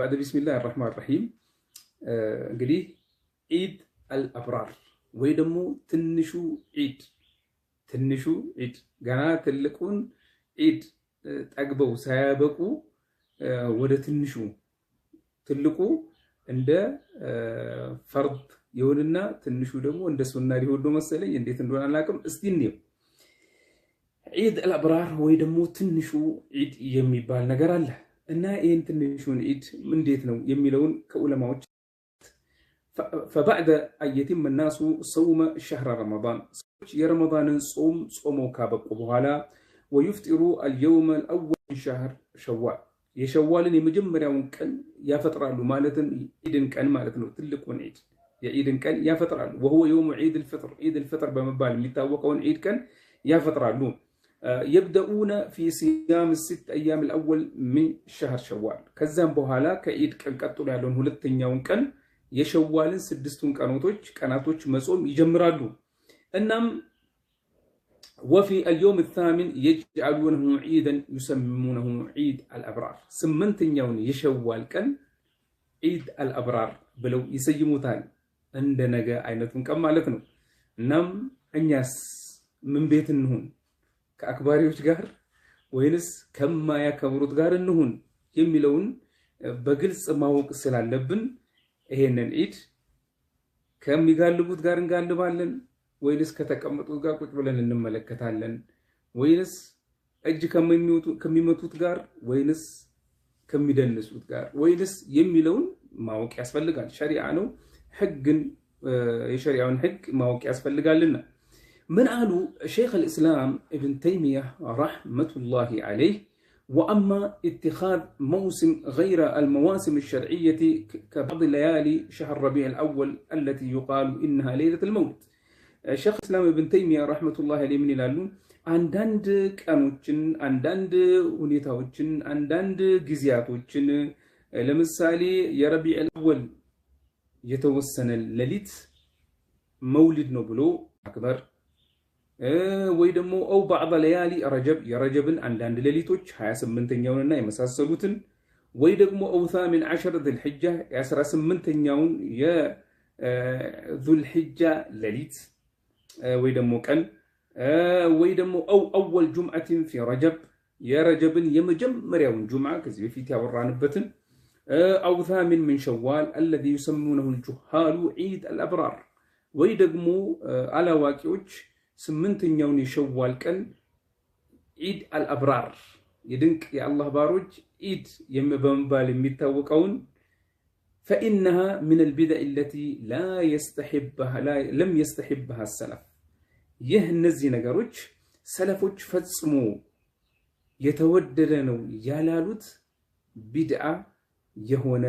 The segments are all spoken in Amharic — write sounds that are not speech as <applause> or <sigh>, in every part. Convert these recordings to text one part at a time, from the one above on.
ባዕደ ቢስሚላህ አራሕማን ራሒም እንግዲህ ዒድ አልአብራር ወይ ደግሞ ትንሹ ዒድ ትንሹ ዒድ ገና ትልቁን ዒድ ጠግበው ሳያበቁ ወደ ትንሹ ትልቁ እንደ ፈርድ ይሁንና ትንሹ ደግሞ እንደ ሱና ሊሆን ነው መሰለኝ። እንዴት እንደሆነ አላውቅም። እስቲ እንየው። ዒድ አልአብራር ወይ ደግሞ ትንሹ ዒድ የሚባል ነገር አለ። እና ይህን ትንሹን ዒድ እንዴት ነው የሚለውን ከዑለማዎች ፈባዕደ አየቲም ናሱ ሰውመ ሸህረ ረመዳን ሰዎች የረመዳንን ጾም ጾመው ካበቁ በኋላ ወዩፍጢሩ አልየውመ አወል ሻህር ሸዋል የሸዋልን የመጀመሪያውን ቀን ያፈጥራሉ። ማለትም ዒድን ቀን ማለት ነው። ትልቁን ዒድ የዒድን ቀን ያፈጥራሉ። ወሁወ የውሙ ዒድ አልፍጥር ዒድ አልፍጥር በመባል የሚታወቀውን ዒድ ቀን ያፈጥራሉ። የብደኡነ ፊ ሲያም ሲት አያም ልአወል ሚን ሸህር ሸዋል። ከዚያም በኋላ ከኢድ ቀን ቀጥሎ ያለውን ሁለተኛውን ቀን የሸዋልን ስድስቱን ቀኖቶች ቀናቶች መጾም ይጀምራሉ። እናም ወፊ አልየውም ታሚን የጅአሉነሁ ዒደን ዩሰሚሙነሁ ዒድ አልአብራር፣ ስምንተኛውን የሸዋል ቀን ዒድ አልአብራር ብለው ይሰይሙታል። እንደ ነገ አይነቱን ቀን ማለት ነው። እናም እኛስ ምን ቤት እንሁን? ከአክባሪዎች ጋር ወይንስ ከማያከብሩት ጋር እንሁን የሚለውን በግልጽ ማወቅ ስላለብን ይሄንን ኢድ ከሚጋልቡት ጋር እንጋልባለን ወይንስ ከተቀመጡት ጋር ቁጭ ብለን እንመለከታለን ወይንስ እጅ ከሚመቱት ጋር ወይንስ ከሚደንሱት ጋር ወይንስ የሚለውን ማወቅ ያስፈልጋል። ሸሪዓ ነው። ሕግን የሸሪዓውን ህግ ማወቅ ያስፈልጋልና من قالوا شيخ الإسلام ابن تيمية رحمة الله عليه وأما اتخاذ موسم غير المواسم الشرعية كبعض ليالي شهر ربيع الأول التي يقال إنها ليلة الموت آه، شيخ الإسلام ابن تيمية رحمة الله عليه من ይላሉ? አንዳንድ ቀኖችን፣ አንዳንድ ሁኔታዎችን፣ አንዳንድ ጊዜያቶችን ለምሳሌ የረቢዕ ربيع የተወሰነ يتوسن መውሊድ ነው ብሎ አክበር ወይ ደግሞ ኦው ባዕዳ ለያሊ ረጀብ የረጀብን አንዳንድ ሌሊቶች 28ኛውንና የመሳሰሉትን ወይ ደግሞ ኦው ታሚን ዓሸር ዙልሕጃ የ18ኛውን የዙልሕጃ ሌሊት ወይ ደግሞ ቀን ወይ ደግሞ ኦው አወል ጁምዓትን ፊ ረጀብ የረጀብን የመጀመሪያውን ጁምዓ ከዚህ በፊት ያወራንበትን አው ታሚን ምን ሸዋል አለዚ ዩሰሙነሁ ልጁሃሉ ዒድ አልአብራር ወይ ደግሞ አላዋቂዎች ስምንተኛውን የሸዋል ቀን ኢድ አልአብራር የድንቅ የአላህ ባሮች ኢድ በመባል የሚታወቀውን ፈኢነሃ ሚነል ቢድዕ ለቲ ለም የስተሒብሃ ሰለፍ ይህ እነዚህ ነገሮች ሰለፎች ፈጽሞ የተወደደ ነው ያላሉት ቢድዓ የሆነ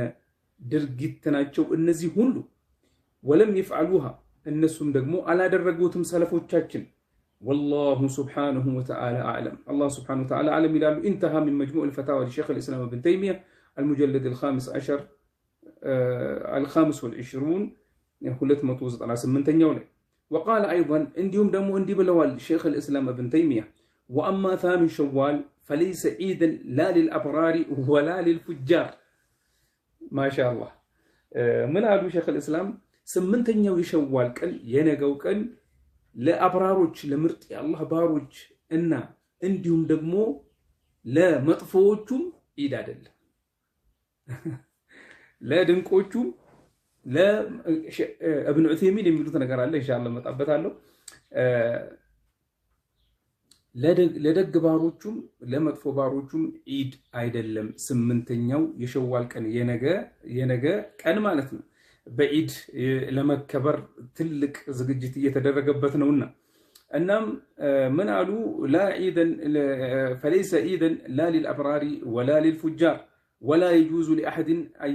ድርጊት ናቸው። እነዚህ ሁሉ ወለም ይፍዓሉሃ النسوم دقمو على درقوتم سلفو تشاكين والله سبحانه وتعالى أعلم الله سبحانه وتعالى أعلم إلى انتهى من مجموع الفتاوى لشيخ الإسلام ابن تيمية المجلد الخامس عشر آه الخامس والعشرون كلت متوزط على سمنتين يولي وقال أيضا انديوم دمو اندي بلوال شيخ الإسلام ابن تيمية وأما ثامن شوال فليس عيدا لا للأبرار ولا للفجار ما شاء الله من قالوا شيخ الإسلام ስምንተኛው የሸዋል ቀን የነገው ቀን ለአብራሮች ለምርጥ የአላህ ባሮች እና እንዲሁም ደግሞ ለመጥፎዎቹም ዒድ አይደለም። <laughs> ለድንቆቹም ለእብን ዑቴሚን የሚሉት ነገር አለ። ኢንሻአላህ መጣበታለሁ። ለደግ ባሮቹም ለመጥፎ ባሮቹም ዒድ አይደለም። ስምንተኛው የሸዋል ቀን የነገ ቀን ማለት ነው። በኢድ ለመከበር ትልቅ ዝግጅት እየተደረገበት ነውና እናም ምን አሉ ፈለይሰ ኢደን ላ ሊልአብራሪ ወላ ሊልፉጃር ወላ የጁዙ ሊአሐድን አይ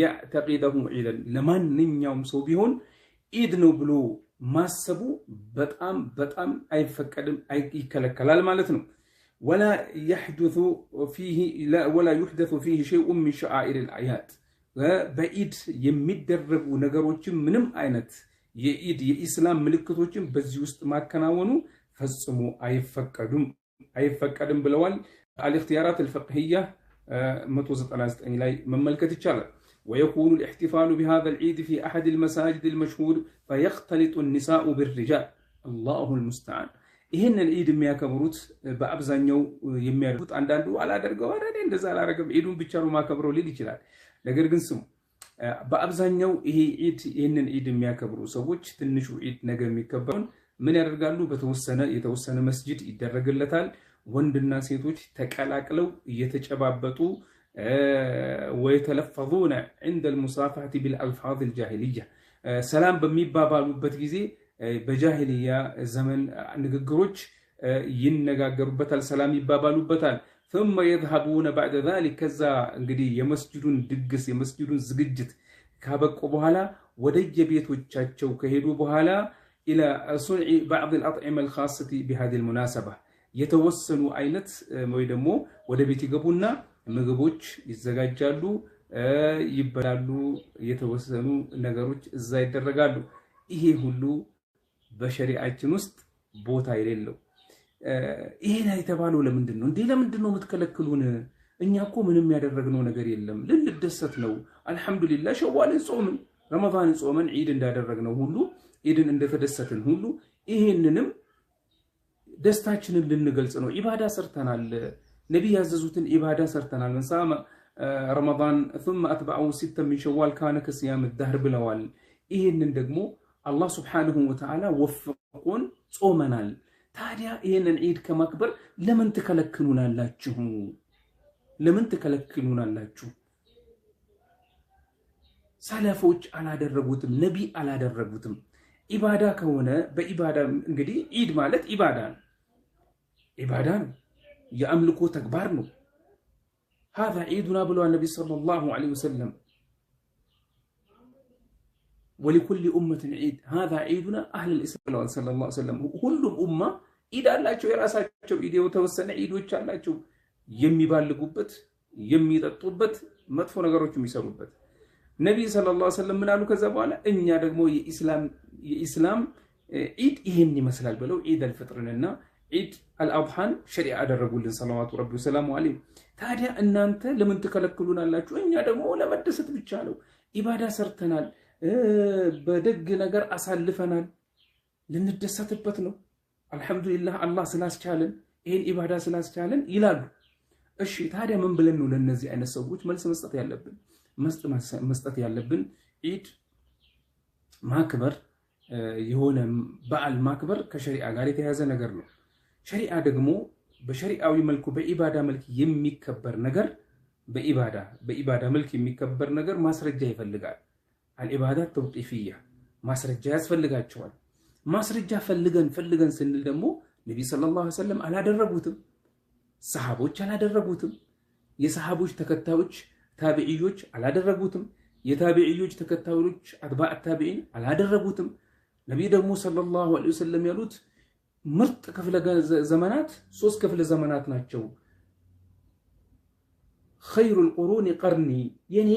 ያዕተቂደሁ ዒደን ለማንኛውም ሰው ቢሆን ኢድ ነው ብሎ ማሰቡ በጣም በጣም አይፈቀድም፣ ይከለከላል ማለት ነው። ወላ ዩሕደሱ ፊህ ሸይኡን ሚን ሸዓኢር አያት። በኢድ የሚደረጉ ነገሮችን ምንም አይነት የኢድ የኢስላም ምልክቶችን በዚህ ውስጥ ማከናወኑ ፈጽሞ አይፈቀዱም አይፈቀድም ብለዋል። አልእክትያራት አልፈቅህያ 199 ላይ መመልከት ይቻላል። ወየኩኑ ልእሕትፋሉ ቢሃዛ ልዒድ ፊ አሐድ ልመሳጅድ ልመሽሁር ፈየኽተሊጡ ኒሳኡ ብሪጃል አላሁ ልሙስተዓን። ይህን ዒድ የሚያከብሩት በአብዛኛው የሚያደርጉት አንዳንዱ አላደርገው እኔ እንደዛ አላረገም ዒዱን ብቻ ነው ማከብረው ሊል ይችላል። ነገር ግን ስሙ በአብዛኛው ይሄ ኢድ ይህንን ኢድ የሚያከብሩ ሰዎች ትንሹ ኢድ ነገ የሚከበረውን ምን ያደርጋሉ? በተወሰነ የተወሰነ መስጅድ ይደረግለታል። ወንድና ሴቶች ተቀላቅለው እየተጨባበጡ ወየተለፈነ ዒንደል ሙሳፋሐቲ ቢልአልፋዚል ጃሂልያ ሰላም በሚባባሉበት ጊዜ በጃሂልያ ዘመን ንግግሮች ይነጋገሩበታል፣ ሰላም ይባባሉበታል። ثم يذهبون بعد ذلك ከዛ እንግዲህ የመስጂዱን ድግስ የመስጂዱን ዝግጅት ካበቁ በኋላ ወደየቤቶቻቸው ከሄዱ በኋላ ኢላ ሱንዒ ባዕድ አልአጥዒማ አልኻሰቲ ቢሃዚሂ አልሙናሰባ የተወሰኑ አይነት ወይ ደግሞ ወደ ቤት ይገቡና ምግቦች ይዘጋጃሉ፣ ይበላሉ። የተወሰኑ ነገሮች እዛ ይደረጋሉ። ይሄ ሁሉ በሸሪዓችን ውስጥ ቦታ የሌለው ይሄን የተባለው ለምንድን ነው እንዴ? ለምንድን ነው የምትከለክሉን? እኛ እኮ ምንም ያደረግነው ነገር የለም። ልንደሰት ነው። አልሐምዱሊላ ሸዋልን ጾምን፣ ረመዳንን ጾመን ዒድ እንዳደረግነው ሁሉ ኢድን እንደተደሰትን ሁሉ ይሄንንም ደስታችንን ልንገልጽ ነው። ኢባዳ ሰርተናል። ነቢይ ያዘዙትን ኢባዳ ሰርተናል። መንሳ ረመዳን ثم ሲተ ሚን ሸዋል ካነ ከስያም ዳህር ብለዋል። ይሄንን ደግሞ አላህ ስብሓንሁ ወተዓላ ወፍቆን ጾመናል። ታዲያ ይህንን ዒድ ከማክበር ለምን ትከለክሉናላችሁ? ለምን ትከለክሉናላችሁ? ሰለፎች አላደረጉትም፣ ነቢ አላደረጉትም። ኢባዳ ከሆነ በኢባዳ እንግዲህ ዒድ ማለት ኢባዳ ነው፣ ኢባዳ ነው፣ የአምልኮ ተግባር ነው። ሀዛ ዒዱና ብለዋል ነቢ ሰለላሁ ዐለይሂ ወሰለም ወሊኩል ኡመትን ዒድ ሃዛ ዒዱና አህለል ኢስላም ብለዋል ሰለላሁ ዐለይሂ ወሰለም። ሁሉም ኡማ ዒድ አላቸው፣ የራሳቸው ዒድ የተወሰነ ዒዶች አላቸው፣ የሚባልጉበት፣ የሚጠጡበት፣ መጥፎ ነገሮች የሚሰሩበት። ነቢ ሰለላሁ ዐለይሂ ወሰለም ምን አሉ? ከዛ በኋላ እኛ ደግሞ የኢስላም ዒድ ይህን ይመስላል ብለው ዒድ አልፍጥርንና ዒድ አልአብሃን ሸሪዓ አደረጉልን ሰለዋቱ ረቢ ወሰላሙ ዐለይሂ። ታዲያ እናንተ ለምን ትከለክሉናላችሁ? እኛ ደግሞ ለመደሰት ብቻ ነው ኢባዳ ሰርተናል በደግ ነገር አሳልፈናል። ልንደሰትበት ነው። አልሐምዱሊላህ አላህ ስላስቻለን ይህን ኢባዳ ስላስቻለን ይላሉ። እሺ ታዲያ ምን ብለን ነው ለእነዚህ አይነት ሰዎች መልስ መስጠት ያለብን? መስጠት ያለብን ኢድ ማክበር የሆነ በዓል ማክበር ከሸሪዓ ጋር የተያያዘ ነገር ነው። ሸሪዓ ደግሞ በሸሪዓዊ መልኩ በኢባዳ መልክ የሚከበር ነገር በኢባዳ በኢባዳ መልክ የሚከበር ነገር ማስረጃ ይፈልጋል። አልኢባዳት ተውቂፍያ ማስረጃ ያስፈልጋቸዋል። ማስረጃ ፈልገን ፈልገን ስንል ደግሞ ነቢ ሰለላሁ ዐለይሂ ወሰለም አላደረጉትም፣ ሰሃቦች አላደረጉትም፣ የሰሃቦች ተከታዮች ታቢዕዮች አላደረጉትም፣ የታቢዕዮች ተከታዮች አትባዕ ታቢዒን አላደረጉትም። ነቢ ደግሞ ሰለላሁ ዐለይሂ ወሰለም ያሉት ምርጥ ክፍለ ዘመናት ሶስት ክፍለ ዘመናት ናቸው። ኸይሩል ቁሩኒ ቀርኒ የኔ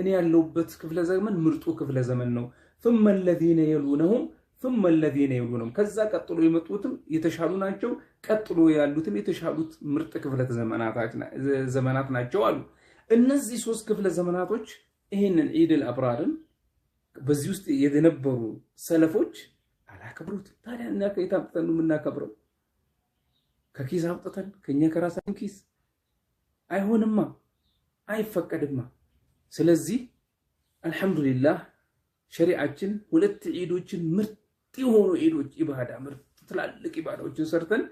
እኔ ያለውበት ክፍለ ዘመን ምርጡ ክፍለ ዘመን ነው። ثم الذين يلونهم ثم الذين يلونهم ከዛ ቀጥሎ የመጡትም የተሻሉ ናቸው። ቀጥሎ ያሉትም የተሻሉት ምርጥ ክፍለ ዘመናት ናቸው አሉ። እነዚህ ሶስት ክፍለ ዘመናቶች ይህንን ዒድል አብራርን በዚህ ውስጥ የነበሩ ሰለፎች አላከብሩትም። ታዲያ እኛ ከየት አምጥተን የምናከብረው? ከኪስ አውጥተን ከኛ ከራሳችን ኪስ አይሆንማ። አይፈቀድማ። ስለዚህ አልሐምዱሊላህ ሸሪዓችን ሁለት ዒዶችን ምርጥ የሆኑ ዒዶች ኢባዳ ምርጥ ትላልቅ ኢባዳዎችን ሰርተን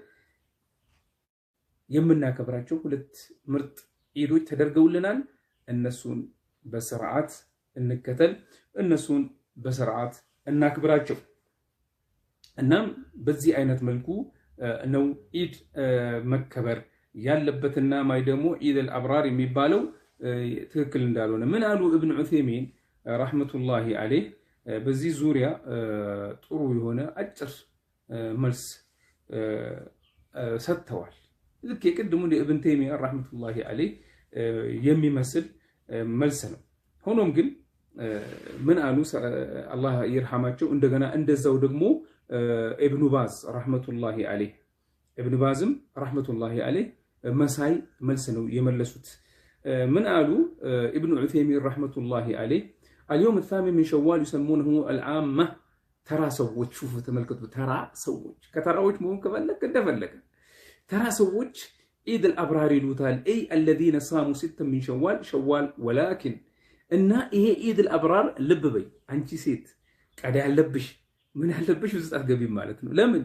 የምናከብራቸው ሁለት ምርጥ ዒዶች ተደርገውልናል። እነሱን በስርዓት እንከተል፣ እነሱን በስርዓት እናክብራቸው። እናም በዚህ አይነት መልኩ ነው ዒድ መከበር ያለበትና ማይ ደግሞ ዒድ አልአብራር የሚባለው ትክክል እንዳልሆነ ምን አሉ እብን ዑቴሚን ረሕመቱላሂ አለይህ በዚህ ዙሪያ ጥሩ የሆነ አጭር መልስ ሰጥተዋል። ልክ የቅድሙን የእብን ቴሚያ ረሕመቱላሂ አለይህ የሚመስል መልስ ነው። ሆኖም ግን ምን አሉ አላህ ይርሐማቸው። እንደገና እንደዛው ደግሞ እብኑ ባዝ ረሕመቱላሂ አለይህ እብኑ ባዝም ረሕመቱላሂ አለይህ መሳይ መልስ ነው የመለሱት። ምን አሉ ኢብኑ ዑቴሚን ረሕመቱላሂ አለይህ አልየውም ሳሚን ሚን ሸዋል ዩሰሙነሁ አልዓማ ተራ ሰዎች ሹፉ፣ ተመልከቱ። ተራ ሰዎች ከተራዎች መሆን ከፈለግ እንደፈለገ ተራ ሰዎች ኢድ አልአብራር ይሉታል። ይ አለዚነ ሳሙ ሲተ ሚን ሸዋል ሸዋል ወላኪን እና ይሄ ኢድ አልአብራር ልብ በይ አንቺ ሴት ቀዳ ያለብሽ ምን ያለብሽ ውስጥ አትገቢም ማለት ነው። ለምን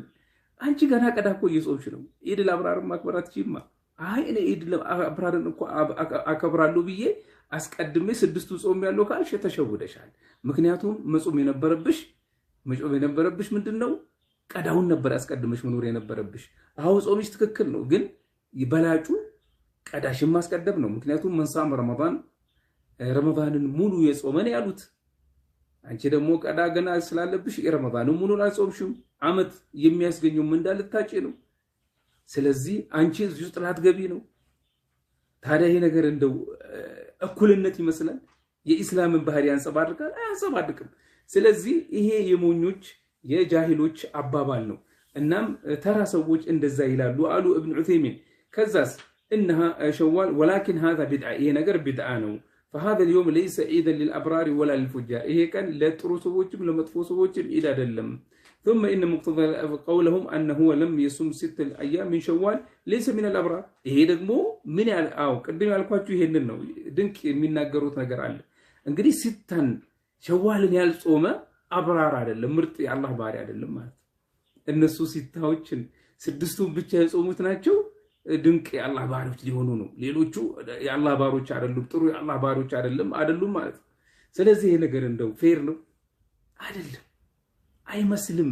አንቺ ገና ቀዳ እኮ እየጾምሽ ነው። ኢድ አልአብራር ማክበራት ቺማ አይ እኔ ኢድ አብራርን እኮ አከብራለሁ ብዬ አስቀድሜ ስድስቱ ጾም ያለው ካልሽ ተሸውደሻል። ምክንያቱም መጾም የነበረብሽ መጾም የነበረብሽ ምንድን ነው? ቀዳውን ነበር አስቀድመሽ መኖር የነበረብሽ። አሁ ጾምሽ ትክክል ነው፣ ግን በላጩ ቀዳሽ ማስቀደም ነው። ምክንያቱም መንሳም ረመዳን ረመዳንን ሙሉ የጾመን ያሉት አንቺ ደግሞ ቀዳ ገና ስላለብሽ የረመዳንን ሙሉን አልጾምሽም። አመት የሚያስገኘው እንዳልታጭ ነው። ስለዚህ አንቺ እዚህ ውስጥ ላትገቢ ነው። ታዲያ ይሄ ነገር እንደው እኩልነት ይመስላል። የኢስላምን ባህሪ ያንጸባርቃል? አያንጸባርቅም። ስለዚህ ይሄ የሞኞች የጃሂሎች አባባል ነው። እናም ተራ ሰዎች እንደዛ ይላሉ አሉ እብን ዑቴሚን። ከዛስ እነሃ ሸዋል ወላኪን ሃዛ ቢድዓ፣ ይሄ ነገር ቢድዓ ነው። ፈሃዛ ልዮም ለይሰ ዒደን ልልአብራሪ ወላ ልፉጃ፣ ይሄ ቀን ለጥሩ ሰዎችም ለመጥፎ ሰዎችም ዒድ አይደለም። ثم إن مقتضى قولهم أنه لم يصم ست أيام من شوال ليس من الأبرار ይሄ ደግሞ ምን ያል አዎ ቅድም ያልኳችሁ ይሄንን ነው። ድንቅ የሚናገሩት ነገር አለ። እንግዲህ ስተን ሸዋልን ያልጾመ አብራር አይደለም፣ ምርጥ የአላህ ባህሪ አይደለም ማለት እነሱ ሲታዎችን ስድስቱን ብቻ የጾሙት ናቸው ድንቅ የአላህ ባህሪዎች ሊሆኑ ነው። ሌሎቹ የአላህ ባህሪዎች አይደሉም፣ ጥሩ የአላህ ባህሪዎች አይደለም አይደሉም ማለት ነው። ስለዚህ ይሄ ነገር እንደው ፌር ነው አይደለም። አይመስልም።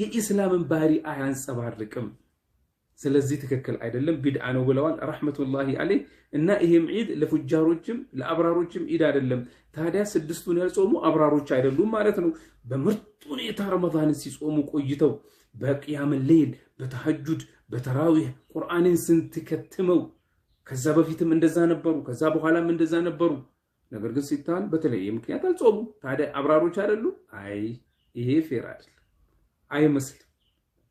የኢስላምን ባህሪ አያንጸባርቅም። ስለዚህ ትክክል አይደለም፣ ቢድአ ነው ብለዋል ረሕመቱላሂ አለይህ። እና ይህም ዒድ ለፉጃሮችም ለአብራሮችም ዒድ አይደለም። ታዲያ ስድስቱን ያልጾሙ አብራሮች አይደሉም ማለት ነው። በምርጥ ሁኔታ ረመዳንን ሲጾሙ ቆይተው በቅያም ሌይል፣ በተሐጁድ፣ በተራዊሕ ቁርአንን ስንትከትመው ከዛ በፊትም እንደዛ ነበሩ፣ ከዛ በኋላም እንደዛ ነበሩ። ነገር ግን ሲታን በተለየ ምክንያት አልጾሙ። ታዲያ አብራሮች አይደሉ አይ ይሄ ፌር አይደለም አይመስልም።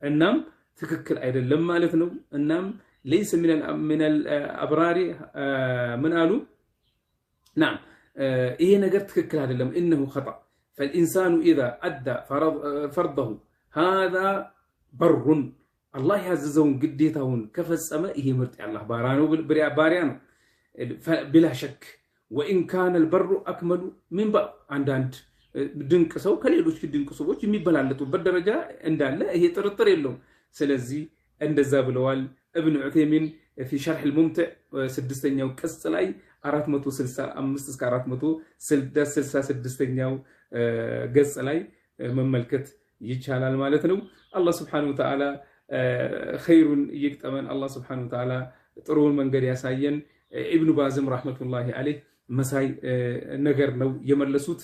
እናም ትክክል አይደለም ማለት ነው። እናም ليس من من الابرار من قالوا نعم ይሄ ነገር ትክክል አይደለም انه خطأ فالانسان اذا ادى فرضه هذا بر الله ያዘዘውን ግዴታውን ከፈጸመ ይሄ ምርጥ ያላህ ባሪያ ነው ባሪያ ነው بلا شك وان كان البر اكمل من بعض አንዳንድ ድንቅ ሰው ከሌሎች ድንቅ ሰዎች የሚበላለጡበት ደረጃ እንዳለ ይሄ ጥርጥር የለውም። ስለዚህ እንደዛ ብለዋል እብን ዑቴሚን ፊ ሸርሕ ልሙምትዕ ስድስተኛው ቅጽ ላይ 465 እስከ 466ኛው ገጽ ላይ መመልከት ይቻላል ማለት ነው። አላህ ስብሓነሁ ወተዓላ ኸይሩን እየግጠመን፣ አላህ ስብሓነሁ ወተዓላ ጥሩውን መንገድ ያሳየን። ኢብኑ ባዝም ረሕመቱላሂ አለይህ መሳይ ነገር ነው የመለሱት።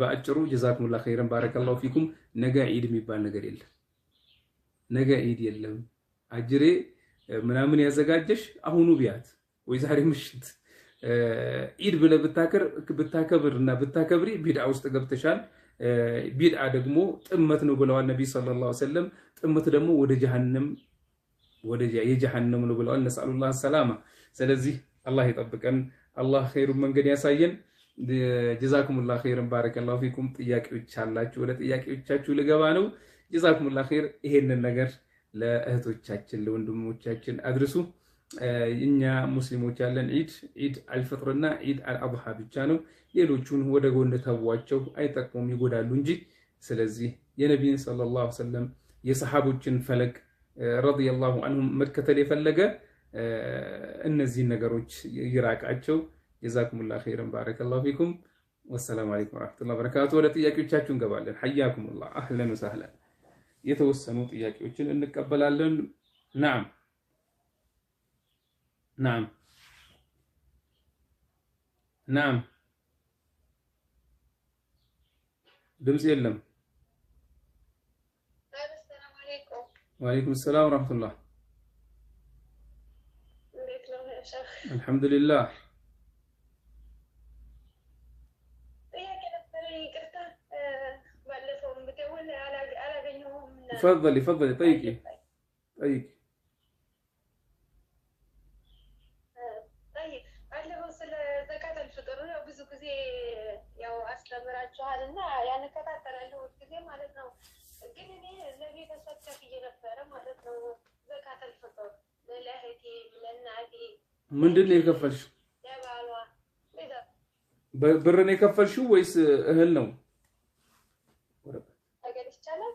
በአጭሩ ጀዛኩሙላ ኸይረን ባረከላሁ ፊኩም። ነገ ዒድ የሚባል ነገር የለም። ነገ ዒድ የለም። አጅሬ ምናምን ያዘጋጀሽ አሁኑ ቢያት ወይ ዛሬ ምሽት ዒድ ብለህ ብታከብር እና ብታከብሪ ቢድዓ ውስጥ ገብተሻል። ቢድአ ደግሞ ጥመት ነው ብለዋል ነቢ ሰለላሁ ዐለይሂ ወሰለም። ጥመት ደግሞ ወደ ጀሃነም ወደ የጀሃነም ነው ብለዋል። ነስአሉላህ ሰላማ። ስለዚህ አላህ ይጠብቀን። አላህ ኸይሩን መንገድ ያሳየን። ጀዛኩሙላ ኸይርን ባረከላሁ ፊኩም። ጥያቄዎች አላችሁ? ወደ ጥያቄዎቻችሁ ልገባ ነው። ጀዛኩሙላ ኸይር። ይሄንን ነገር ለእህቶቻችን ለወንድሞቻችን አድርሱ። እኛ ሙስሊሞች ያለን ዒድ ዒድ አልፍጥርና ዒድ አልአድሃ ብቻ ነው። ሌሎቹን ወደ ጎን ተዋቸው፣ አይጠቅሙም፣ ይጎዳሉ እንጂ። ስለዚህ የነቢይን ሰለላሁ ዐለይሂ ወሰለም የሰሐቦችን ፈለግ ረዲየላሁ አንሁም መከተል የፈለገ እነዚህን ነገሮች ይራቃቸው። جزاكم الله خيرا بارك الله فيكم والسلام عليكم ورحمة الله وبركاته ወደ ጥያቄዎቻችሁ قبل حياكم الله اهلا وسهلا የተወሰኑ قبل لن... نعم نعم نعم ድምጽ የለም طيب، وعليكم السلام ورحمة الله الحمد لله اتفضلي اتفضلي طيب طيب ጊዜ ያው አስተምራችኋል ነው። ግን እኔ ለእህቴ ለእናቴ ምንድን ነው የከፈልሽው? ብር ነው የከፈልሽው ወይስ እህል ነው? ይቻላል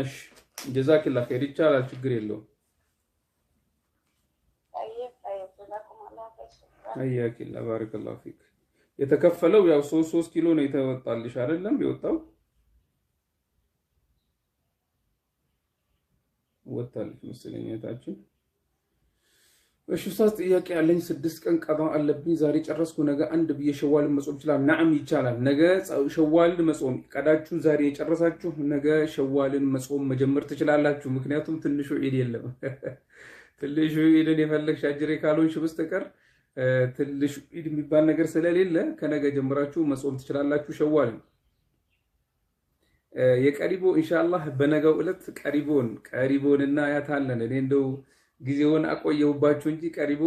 እሺ ጀዛክላ ኸይር ይቻላል፣ ችግር የለውም። አያኪላ ባረከላሁ ፊክ። የተከፈለው ያው ሶስት ሶስት ኪሎ ነው የተወጣልሽ አይደለም? የወጣው ወጣልሽ መሰለኝ እህታችን እሺ ኡስታዝ ጥያቄ ያለኝ ስድስት ቀን ቀባ አለብኝ። ዛሬ ጨረስኩ፣ ነገ አንድ ብዬ ሸዋልን መጾም ይችላል? ናዕም ይቻላል። ነገ ሸዋልን መጾም ቀዳችሁ፣ ዛሬ የጨረሳችሁ ነገ ሸዋልን መጾም መጀመር ትችላላችሁ። ምክንያቱም ትንሹ ዒድ የለም። <laughs> ትንሹ ዒድን የፈለግሽ አጅሬ ካልሆንሽ በስተቀር ትንሹ ዒድ የሚባል ነገር ስለሌለ ከነገ ጀምራችሁ መጾም ትችላላችሁ ሸዋልን የቀሪቦ ኢንሻአላህ በነገው ዕለት ቀሪቦን ቀሪቦንና ያታለን እኔ እንደው ጊዜውን አቆየሁባችሁ እንጂ ቀሪቦ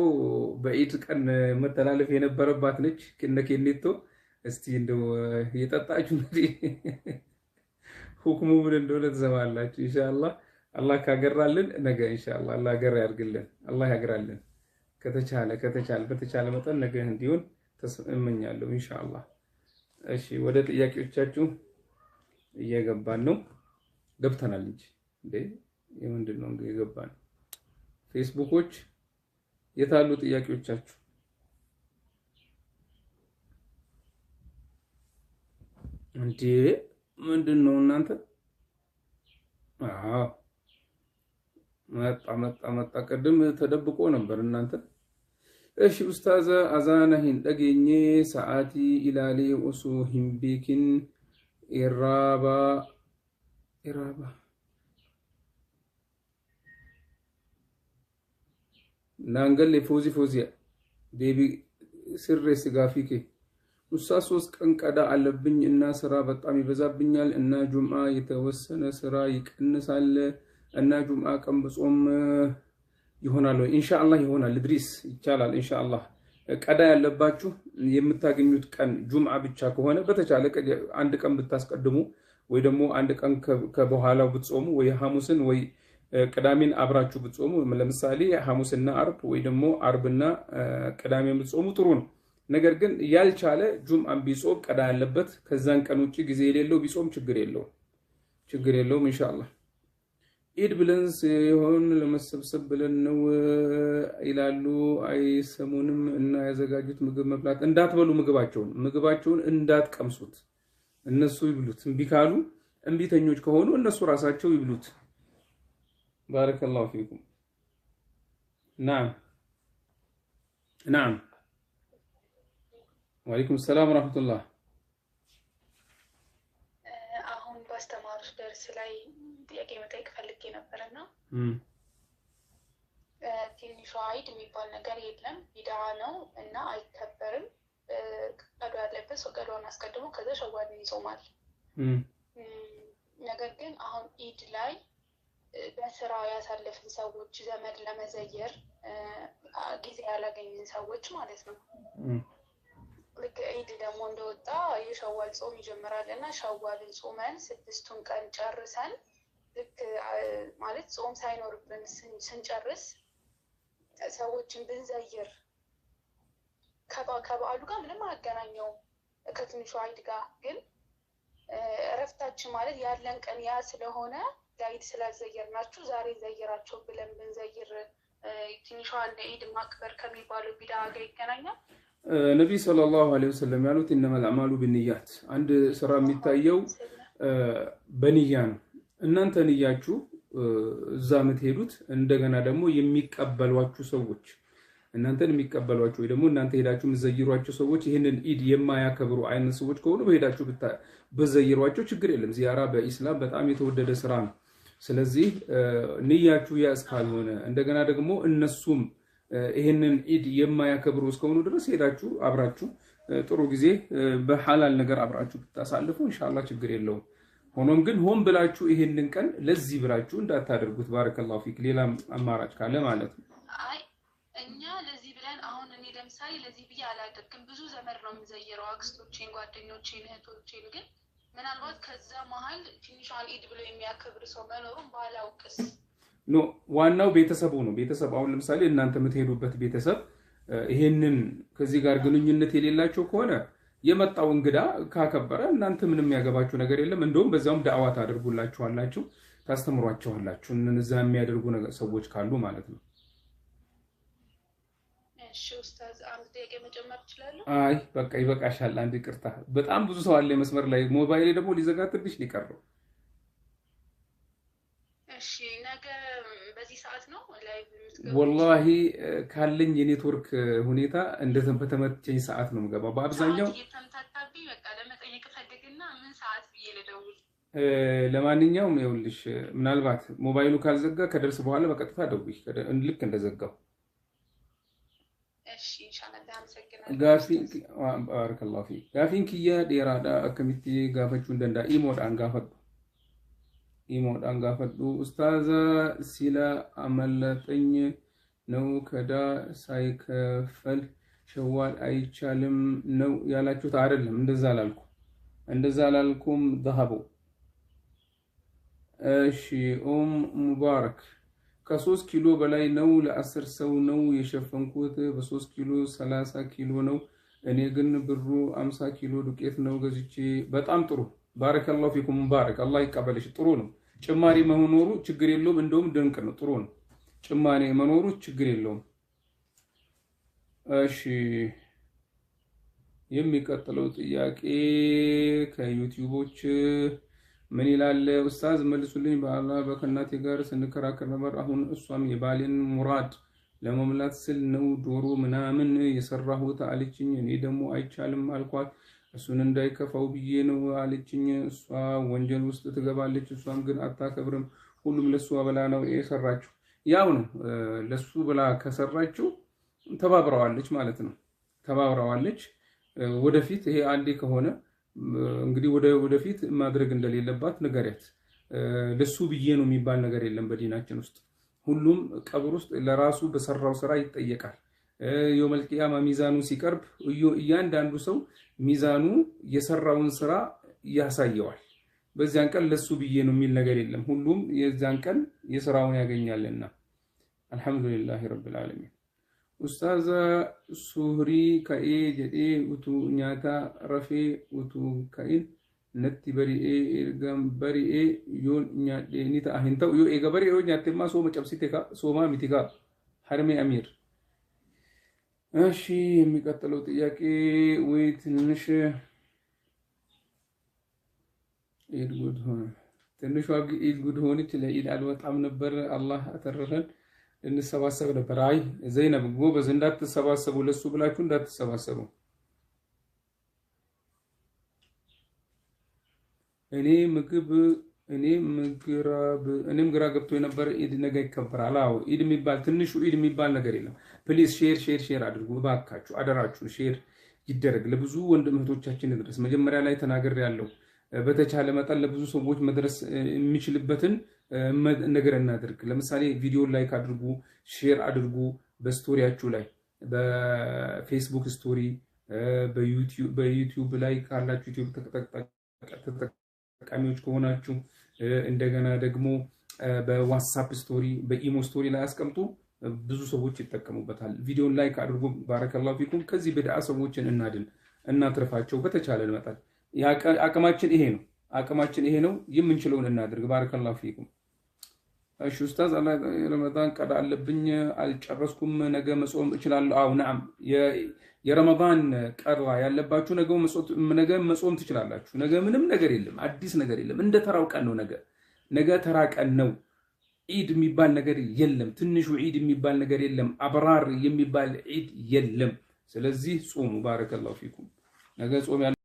በኢድ ቀን መተላለፍ የነበረባት ነች። ከነ ኬኔቶ እስቲ እንደው የጠጣችሁ እንግዲህ ሁክሙ ምን እንደሆነ ትሰማላችሁ። እንሻላ አላህ ካገራልን ነገ እንሻላ አላህ ሀገር ያድርግልን። አላህ ያገራልን። ከተቻለ ከተቻለ በተቻለ መጠን ነገ እንዲሆን ተስእመኛለሁ እንሻላ። እሺ ወደ ጥያቄዎቻችሁ እየገባን ነው። ገብተናል እንጂ እንዴ የምንድን ነው እንግዲህ የገባን ፌስቡኮች የታሉ ጥያቄዎቻችሁ? እንዴ ምንድን ነው እናንተ? አዎ መጣ መጣ መጣ። ቅድም ተደብቆ ነበር እናንተ። እሺ ኡስታዝ አዛና ሂን ሰዓቲ ኢላሌ ኡሱ ሂምቢኪን ኢራባ ኢራባ ናንገሌ ፎዚ ፎዚ ዴቢ ስሬስ ጋፊ ኬ ውሳ ሶስት ቀን ቀዳ አለብኝ እና ስራ በጣም ይበዛብኛል እና ጁምአ የተወሰነ ስራ ይቀንሳል እና ጁምአ ቀን ብጾም ይሆናል ወይ? ኢንሻአላህ ይሆናል። ልድሪስ ይቻላል ኢንሻአላህ። ቀዳ ያለባችሁ የምታገኙት ቀን ጁምአ ብቻ ከሆነ በተቻለ አንድ ቀን ብታስቀድሙ ወይ ደግሞ አንድ ቀን ከበኋላው ብትጾሙ ወይ ሐሙስን ወይ ቅዳሜን አብራችሁ ብትጾሙ ለምሳሌ ሐሙስና አርብ ወይ ደግሞ አርብና ቅዳሜ ብትጾሙ ጥሩ ነው። ነገር ግን ያልቻለ ጁምአን ቢጾም ቀዳ ያለበት ከዛን ቀን ውጭ ጊዜ የሌለው ቢጾም ችግር የለውም ችግር የለውም። እንሻላ ኢድ ብለን ሲሆን ለመሰብሰብ ብለን ነው ይላሉ። አይሰሙንም እና ያዘጋጁት ምግብ መብላት እንዳትበሉ፣ ምግባቸውን ምግባቸውን እንዳትቀምሱት። እነሱ ይብሉት። እምቢ ካሉ እምቢተኞች ከሆኑ እነሱ ራሳቸው ይብሉት። ባረከላሁ ፊኩም። ናም ናም። ወአለይኩም ሰላም ወራህመቱላህ። አሁን ባስተማሩት ደርስ ላይ ጥያቄ መጠየቅ ፈልጌ ነበርና ትንሿ ዒድ የሚባል ነገር የለም፣ ቢድዓ ነው እና አይከበርም። ቀዶ ያለበት ሰው ቀዶን አስቀድሞ ከዛ ሸዋልን ይጾማል። ነገር ግን አሁን ኢድ ላይ በስራ ያሳለፍን ሰዎች ዘመድ ለመዘየር ጊዜ ያላገኝን ሰዎች ማለት ነው። ልክ ኢድ ደግሞ እንደወጣ የሸዋል ጾም ይጀምራል እና ሸዋልን ጾመን ስድስቱን ቀን ጨርሰን ልክ ማለት ጾም ሳይኖርብን ስንጨርስ ሰዎችን ብንዘይር ከበዓሉ ጋር ምንም አያገናኘውም። ከትንሹ አይድ ጋር ግን እረፍታችን ማለት ያለን ቀን ያ ስለሆነ ለኢድ ስላልዘየርናችሁ ዛሬ ዘይራቸው ብለን ብንዘይር ትንሿን ኢድ ማክበር ከሚባለው ቢዳ ጋር ይገናኛል። ነቢይ ሰለላሁ ዐለይሂ ወሰለም ያሉት ኢነመል አዕማሉ ብንያት፣ አንድ ስራ የሚታየው በንያ ነው። እናንተ ንያችሁ እዛ የምትሄዱት እንደገና ደግሞ የሚቀበሏችሁ ሰዎች እናንተን የሚቀበሏችሁ ወይ ደግሞ እናንተ ሄዳችሁ የምዘይሯቸው ሰዎች ይህንን ኢድ የማያከብሩ አይነት ሰዎች ከሆኑ በሄዳችሁ ብዘይሯቸው ችግር የለም። ዚያራ በኢስላም በጣም የተወደደ ስራ ነው። ስለዚህ ንያችሁ ያ እስካልሆነ እንደገና ደግሞ እነሱም ይህንን ኢድ የማያከብሩ እስከሆኑ ድረስ ሄዳችሁ አብራችሁ ጥሩ ጊዜ በሐላል ነገር አብራችሁ ብታሳልፉ እንሻላ ችግር የለውም። ሆኖም ግን ሆን ብላችሁ ይህንን ቀን ለዚህ ብላችሁ እንዳታደርጉት። ባረከላሁ ፊክ። ሌላ አማራጭ ካለ ማለት ነው። አይ እኛ ለዚህ ብለን አሁን እኔ ለምሳሌ ለዚህ ብዬ አላደርግም። ብዙ ዘመድ ነው የምዘየረው፣ አክስቶቼን፣ ጓደኞቼን፣ እህቶቼን ግን ምናልባት ከዛ መሀል ብሎ የሚያከብር ሰው መኖሩን ባላውቅስ? ኖ ዋናው ቤተሰቡ ነው። ቤተሰብ አሁን ለምሳሌ እናንተ የምትሄዱበት ቤተሰብ ይሄንን ከዚህ ጋር ግንኙነት የሌላቸው ከሆነ የመጣው እንግዳ ካከበረ እናንተ ምንም የሚያገባችሁ ነገር የለም። እንደውም በዚያውም ዳዕዋ ታደርጉላችኋላችሁ፣ ታስተምሯቸዋላችሁ እነዛ የሚያደርጉ ሰዎች ካሉ ማለት ነው። አይ በቃ ይበቃሻል። አንድ ይቅርታ፣ በጣም ብዙ ሰው አለ መስመር ላይ። ሞባይሌ ደግሞ ሊዘጋትብሽ ሊቀር እሺ፣ ነገ በዚህ ሰዓት ነው። ወላሂ ካለኝ የኔትወርክ ሁኔታ እንደዚህ በተመቸኝ ሰዓት ነው የምገባው። በአብዛኛው ለማንኛውም ይኸውልሽ፣ ምናልባት ሞባይሉ ካልዘጋ ከደርስ በኋላ በቀጥታ ደውይ፣ ልክ እንደዘጋው baarakallahu fiik gaafiin kiyya dheeraadha akkamitti gaafachuun danda'a imoodhaan gaafadhu imoodhaan gaafadhu ustaazaa sila amalaxany ነው ከዳ ሳይከፈል ሸዋል አይቻልም ነው ያላችሁት አይደለም እንደዛ አላልኩ እንደዛ አላልኩም ዛሀቡ እሺ ኡም ሙባረክ ከሶስት ኪሎ በላይ ነው። ለአስር ሰው ነው የሸፈንኩት በሶስት ኪሎ ሰላሳ ኪሎ ነው። እኔ ግን ብሩ አምሳ ኪሎ ዱቄት ነው ገዝቼ። በጣም ጥሩ ባረከላሁ ፊኩም ሙባረክ፣ አላህ ይቀበልሽ። ጥሩ ነው ጭማሪ መኖሩ ችግር የለውም። እንደውም ድንቅ ነው። ጥሩ ነው ጭማሪ መኖሩ ችግር የለውም። እሺ የሚቀጥለው ጥያቄ ከዩቲዩቦች ምን ይላል ኡስታዝ መልሱልኝ። በአላ ከእናቴ ጋር ስንከራከር ነበር። አሁን እሷም የባሌን ሙራድ ለመምላት ስል ነው ዶሮ ምናምን የሰራሁት አለችኝ። እኔ ደግሞ አይቻልም አልኳት። እሱን እንዳይከፋው ብዬ ነው አለችኝ። እሷ ወንጀል ውስጥ ትገባለች። እሷም ግን አታከብርም። ሁሉም ለሱ ብላ ነው የሰራችው። ያው ነው ለሱ ብላ ከሰራችው ተባብረዋለች ማለት ነው። ተባብረዋለች ወደፊት ይሄ አንዴ ከሆነ እንግዲህ ወደፊት ማድረግ እንደሌለባት ንገሪያት። ለሱ ብዬ ነው የሚባል ነገር የለም በዲናችን ውስጥ። ሁሉም ቀብር ውስጥ ለራሱ በሰራው ስራ ይጠየቃል። የመልቅያማ ሚዛኑ ሲቀርብ እያንዳንዱ ሰው ሚዛኑ የሰራውን ስራ ያሳየዋል። በዚያን ቀን ለሱ ብዬ ነው የሚል ነገር የለም። ሁሉም የዚያን ቀን የስራውን ያገኛልና። አልሐምዱሊላህ ረብል ዓለሚን ustaaza suurii ka'ee jedhee utuu nyaataa rafee utuu ka'in natti bari'ee erga bari'ee yoon nyaadhee ni ta'a hin ta'u yoo eega bari'ee yoo nyaatte immaa sooma cabsite soomaa miti kaa harmee amiir እሺ የሚቀጥለው ጥያቄ ወይ ትንሽ ኢድ ጉድ ሆነ ትንሿ ኢድ ጉድ ሆነች ለኢድ አልወጣም ነበር አላህ አተረፈን እንሰባሰብ ነበር። አይ ዘይነብ ጎበዝ እንዳትሰባሰቡ፣ ለሱ ብላችሁ እንዳትሰባሰቡ። እኔ ምግብ እኔ ምግራብ እኔም ግራ ገብቶ የነበረ ኢድ ነገ ይከበራል። አዎ ኢድ የሚባል ትንሹ ኢድ የሚባል ነገር የለም። ፕሊዝ ሼር ሼር ሼር አድርጉ እባካችሁ፣ አደራችሁን ሼር ይደረግ ለብዙ ወንድም እህቶቻችን ድረስ። መጀመሪያ ላይ ተናገር ያለው በተቻለ መጠን ለብዙ ሰዎች መድረስ የሚችልበትን ነገር እናድርግ። ለምሳሌ ቪዲዮ ላይክ አድርጉ፣ ሼር አድርጉ። በስቶሪያችሁ ላይ በፌስቡክ ስቶሪ፣ በዩቲዩብ ላይ ካላችሁ ዩቲዩብ ተጠቃሚዎች ከሆናችሁ እንደገና ደግሞ በዋትሳፕ ስቶሪ፣ በኢሞ ስቶሪ ላይ አስቀምጡ። ብዙ ሰዎች ይጠቀሙበታል። ቪዲዮን ላይክ አድርጉ። ባረከላሁ ፊኩም። ከዚህ በድዓ ሰዎችን እናድን፣ እናትርፋቸው በተቻለን መጠን አቅማችን ይሄ ነው። አቅማችን ይሄ ነው። የምንችለውን እናድርግ። ባረከላሁ ፊኩም። እሺ ኡስታዝ፣ ረመዳን ቀዳ አለብኝ አልጨረስኩም፣ ነገ መጾም እችላለሁ? አው ናም፣ የረመዳን ቀዳ ያለባችሁ ነገ መጾም ትችላላችሁ። ነገ ምንም ነገር የለም፣ አዲስ ነገር የለም። እንደ ተራው ቀን ነው። ነገ ነገ ተራ ቀን ነው። ዒድ የሚባል ነገር የለም። ትንሹ ዒድ የሚባል ነገር የለም። አብራር የሚባል ዒድ የለም። ስለዚህ ጾሙ። ባረከላሁ ፊኩም። ነገ ጾም